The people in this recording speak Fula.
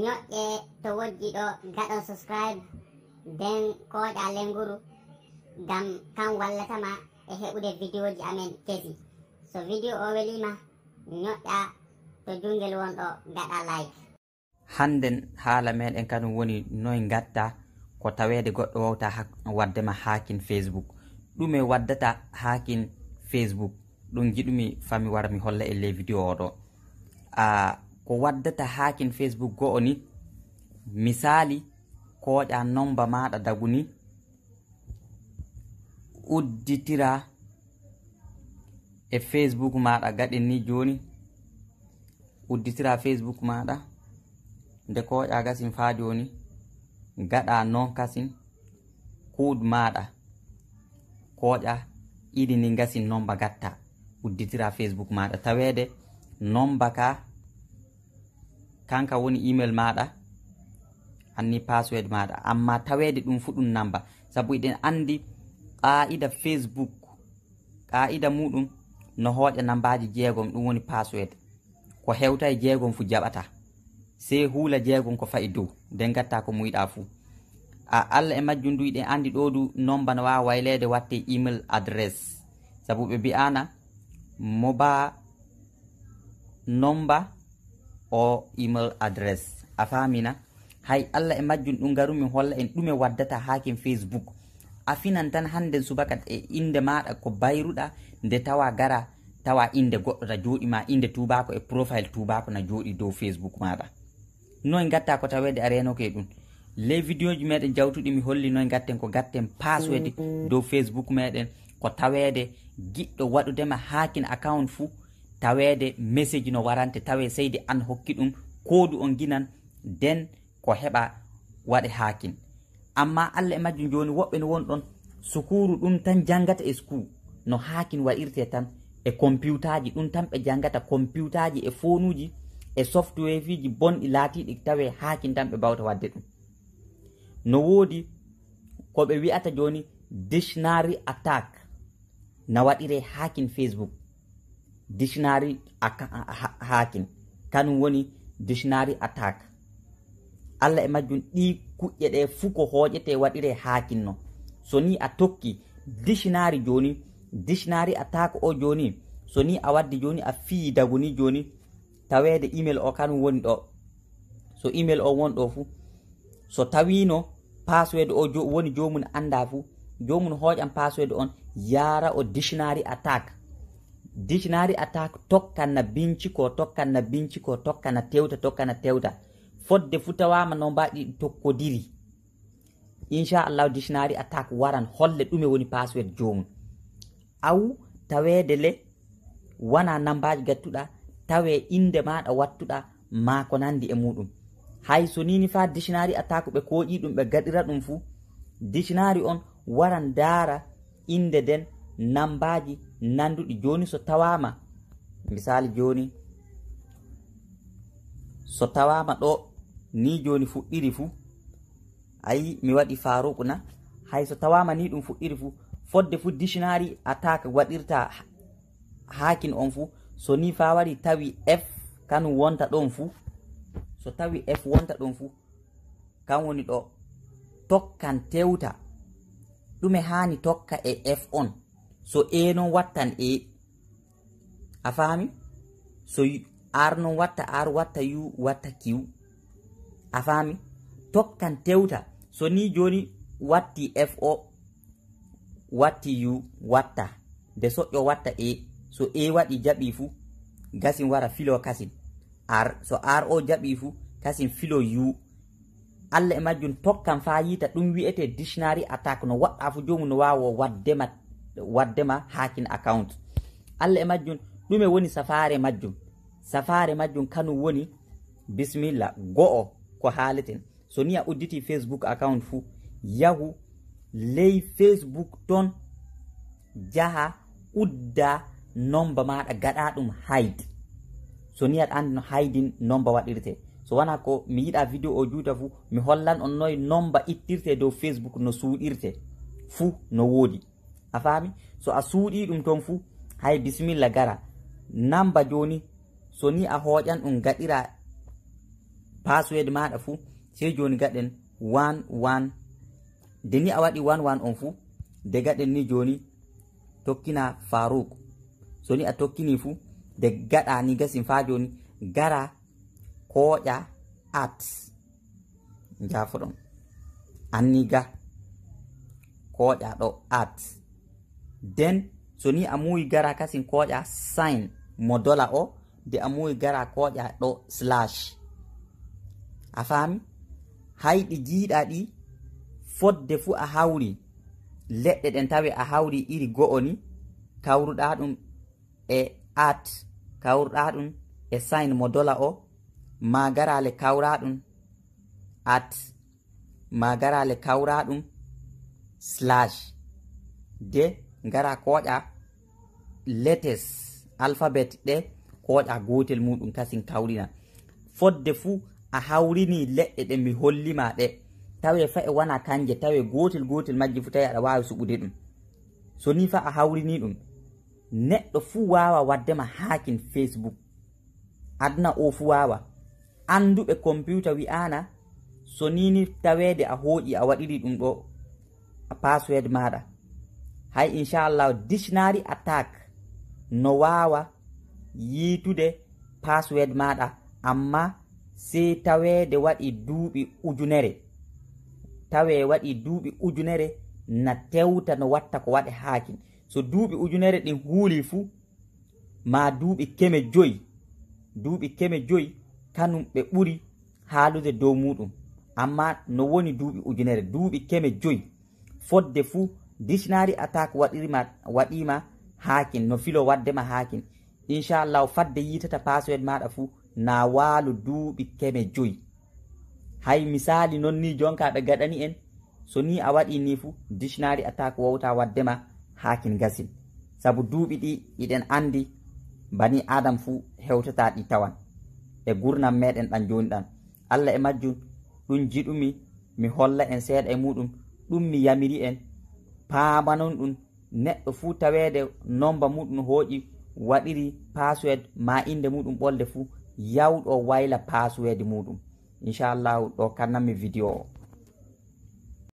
ñoƴƴe to wojji ɗo gaɗo subscribe nden koƴa lenguru ngam kan wallatama e heɓude vidéo ji amen kesi so vidéo o welima ñoƴƴa to jungel won ɗo gaɗa live hannden haala meɗen kadum woni noy gatta ko tawede goɗɗo wawta waddema hakin facebook ɗume waddata hakin facebook ɗum jiɗumi fami wara mi holla e ley vidéo o ɗo a uh, ko waddata hakin facebook go'o ni misali koƴa nomba maɗa dagu ni udditira e facebook maɗa gaɗin ni joni udditira facebook maɗa nde koƴa gasin fa joni gaɗa non kasin kuud maɗa koƴa iɗini gasin nomba gatta udditira facebook maɗa tawede nomba ka kanka woni email maɗa anni password maɗa amma tawede ɗum fu ɗum namba sabu eɗen andi qa'ida facebook qa'ida muɗum no hooƴa nambaji jeegom ɗum woni password ko hewta e jeegom fu jaɓata sei huula jeegom ko fayi dow nden gatta ko muyiɗa fu a allah e majjum du eɗen andi ɗo du nomba no wawa waylede watte email adress sabu ɓe mbi'ana moba nomba o email adress a famina hay allah e majjum ɗum garumin holla en ɗume waddata hakin facebook a finan tan hannden subaka e inde maɗa ko bayruɗa nde tawa gara tawa inde goɗɗo ta jooɗima inde tubako e profile tubako na jooɗi dow facebook maɗa noy gatta ko tawede a renoke ɗum ley vidéo ji meɗen jawtuɗi mi holli noy gatten ko gatten passwede dow facebook meɗen ko tawede giɗɗo waɗudema hakin account fuu taweede message no warante tawe seydi an hokki ɗum koodu on ginan nden ko heɓa waɗe haakin amma allah e majjum jooni woɓɓe no won ɗon sukuru ɗum tan janngata e skul no haakin waɗirte tan e compiutaji ɗum tan ɓe janngata compiutaji e fonuji e software fiji bonɗi laatiɗi tawe haakin tan ɓe bawta wadde ɗum no woodi ko ɓe wi'ata jooni dictionary attaque na waɗire haakin facebook dictionary hakin kanum woni dictionary attack allah e majjum ɗi kuƴƴe ɗe fuu ko hooƴete waɗire haakinno so ni a tokki dictionary joni dictionary attack o joni so ni a waddi joni a fii dagu ni joni taweede email o kanum woni ɗo so email o wonɗo fuu so tawino password o woni jomum annda fuu jomum hooƴan password on yaara o dictionary attack dictionnari ata ko tokkanna binci ko tokkanna binci ko tokkana tewta tokkana tewta fodde fu tawama no mbaɗi tokkodiri inchallahu dictionnari attaque waran holle ɗume woni passwed jomum awu tawede le wona nambaji gattuɗa tawe inde maɗa wattuɗa ma ko nandi e muɗum hay so nini fa dictionnari attaque ɓe kooƴi ɗum ɓe gaɗira ɗum fuu dictionnari on waran daara inde nden nambaji nanduɗi joni so tawama misali joni so tawama ɗo ni joni fuɗɗiri fu ayi mi waɗi faruku na hay so tawama ni ɗum fuɗɗiri fu fodde fu dictionari attaque waɗirta hakin on fu so ni fa wari tawi f kanum wonta ɗon fu so tawi f wonta ɗon fu kan woni ɗo tokkan tewta ɗume hani tokka e f on so enon wattan e a faami so arnon watta ar watta yu watta kiw a faami tokkan tewta so ni joni watti f o watti yu watta nde soƴƴo watta e so e waɗi jaɓi fu gasin wara filo kasin ar so ar o jaɓi fu kasin filo yu allah e majjum tokkan fa yita ɗum wi'ete dictionary attaque no waɗɗa fu jomum no wawo waddema waddema hakin account allah e majjum ɗume woni safare majjum safare majjum kanum woni bisimilla go'o ko haaleten so ni a udditi facebook account fuu yahu ley facebook ton jaha udda nomba maɗa gaɗa ɗum haydi so ni aɗa andi no haydi nomba waɗirte so wona ko mi yiɗa vidéo o juuta fuu mi hollan on noy nomba ittirte dow facebook no suuɗirte fuu no woodi a faami so a suuɗi ɗum ton fuu hay bisimilla gara namba jooni so ni a hooƴan ɗum gaɗira paswed maɗa fuu sey jooni gaɗen wan wan de ni a waɗi wan wan on fuu de gaɗen ni jooni tokkina faruk so ni a tokkini fuu de gaɗa ni gasin faa jooni gara hooƴa at njaafoɗon anniga hooƴa ɗo at den so ni a muwi gara kasin koƴa sign mo dola o de a muwi gara koƴa ɗo slash a faami hayɗi jiiɗa ɗi fodde fuu a hawri leɗɗe ɗen tawi a hawri iri go'o ni kawruɗa ɗum e at kawruɗa ɗum e sign mo dola o magarale kawra ɗum at magarale kawra ɗum slash de ngara koƴa letes alphabet ɗe koƴa gotel muɗum kasin kawrina fodde fuu a hawrini leɗɗe ɗe mi hollima ɗe tawe fa e wana kanje tawe gotel gotel majji fu tawi aɗa wawi suɓude ɗum so ni fa a hawrini ɗum neɗɗo fuu wawa waddema hakin facebook aduna o fuu wawa anduɓe computa wi'ana so nini tawede a hooƴi a waɗiri ɗum ɗo password maɗa hay inchallah dictionary attaque no wawa yiitude password maɗa amma sey tawede waɗi duuɓi ujunere tawe waɗi duuɓi ujunere na tewta no watta ko waɗe haakin so duuɓi ujunere ɗin huuli fuu ma duuɓi keme joyi duuɓi keme joyi kanum ɓe ɓuri haalude dow muɗum amma no woni duuɓi ujunere duuɓi keme joyi fodde fuu dictionary attaque waɗirma waɗima hakin no filo waddema hakin inchallahu fadde yitata passoed maɗa fuu na waalo duuɓi keme joyi hay misali noon ni jonka ɓe gaɗani en so ni a waɗi ni fuu dictionary attaque wowta waddema hakin gasin saabu duuɓi ɗi iɗen andi bani adame fuu hewtata ɗi tawan e gurnam meɗen ɗan joni ɗan allah e majjum ɗum jiɗumi mi holla en seeɗa e muɗum ɗum mi yamiri en paamanon ɗum neɗɗo fuu taweede nomba muɗum hooƴi waɗiri password ma innde muɗum ɓolde fuu yawɗo wayla password muɗum inchallahu ɗo kannanmi video o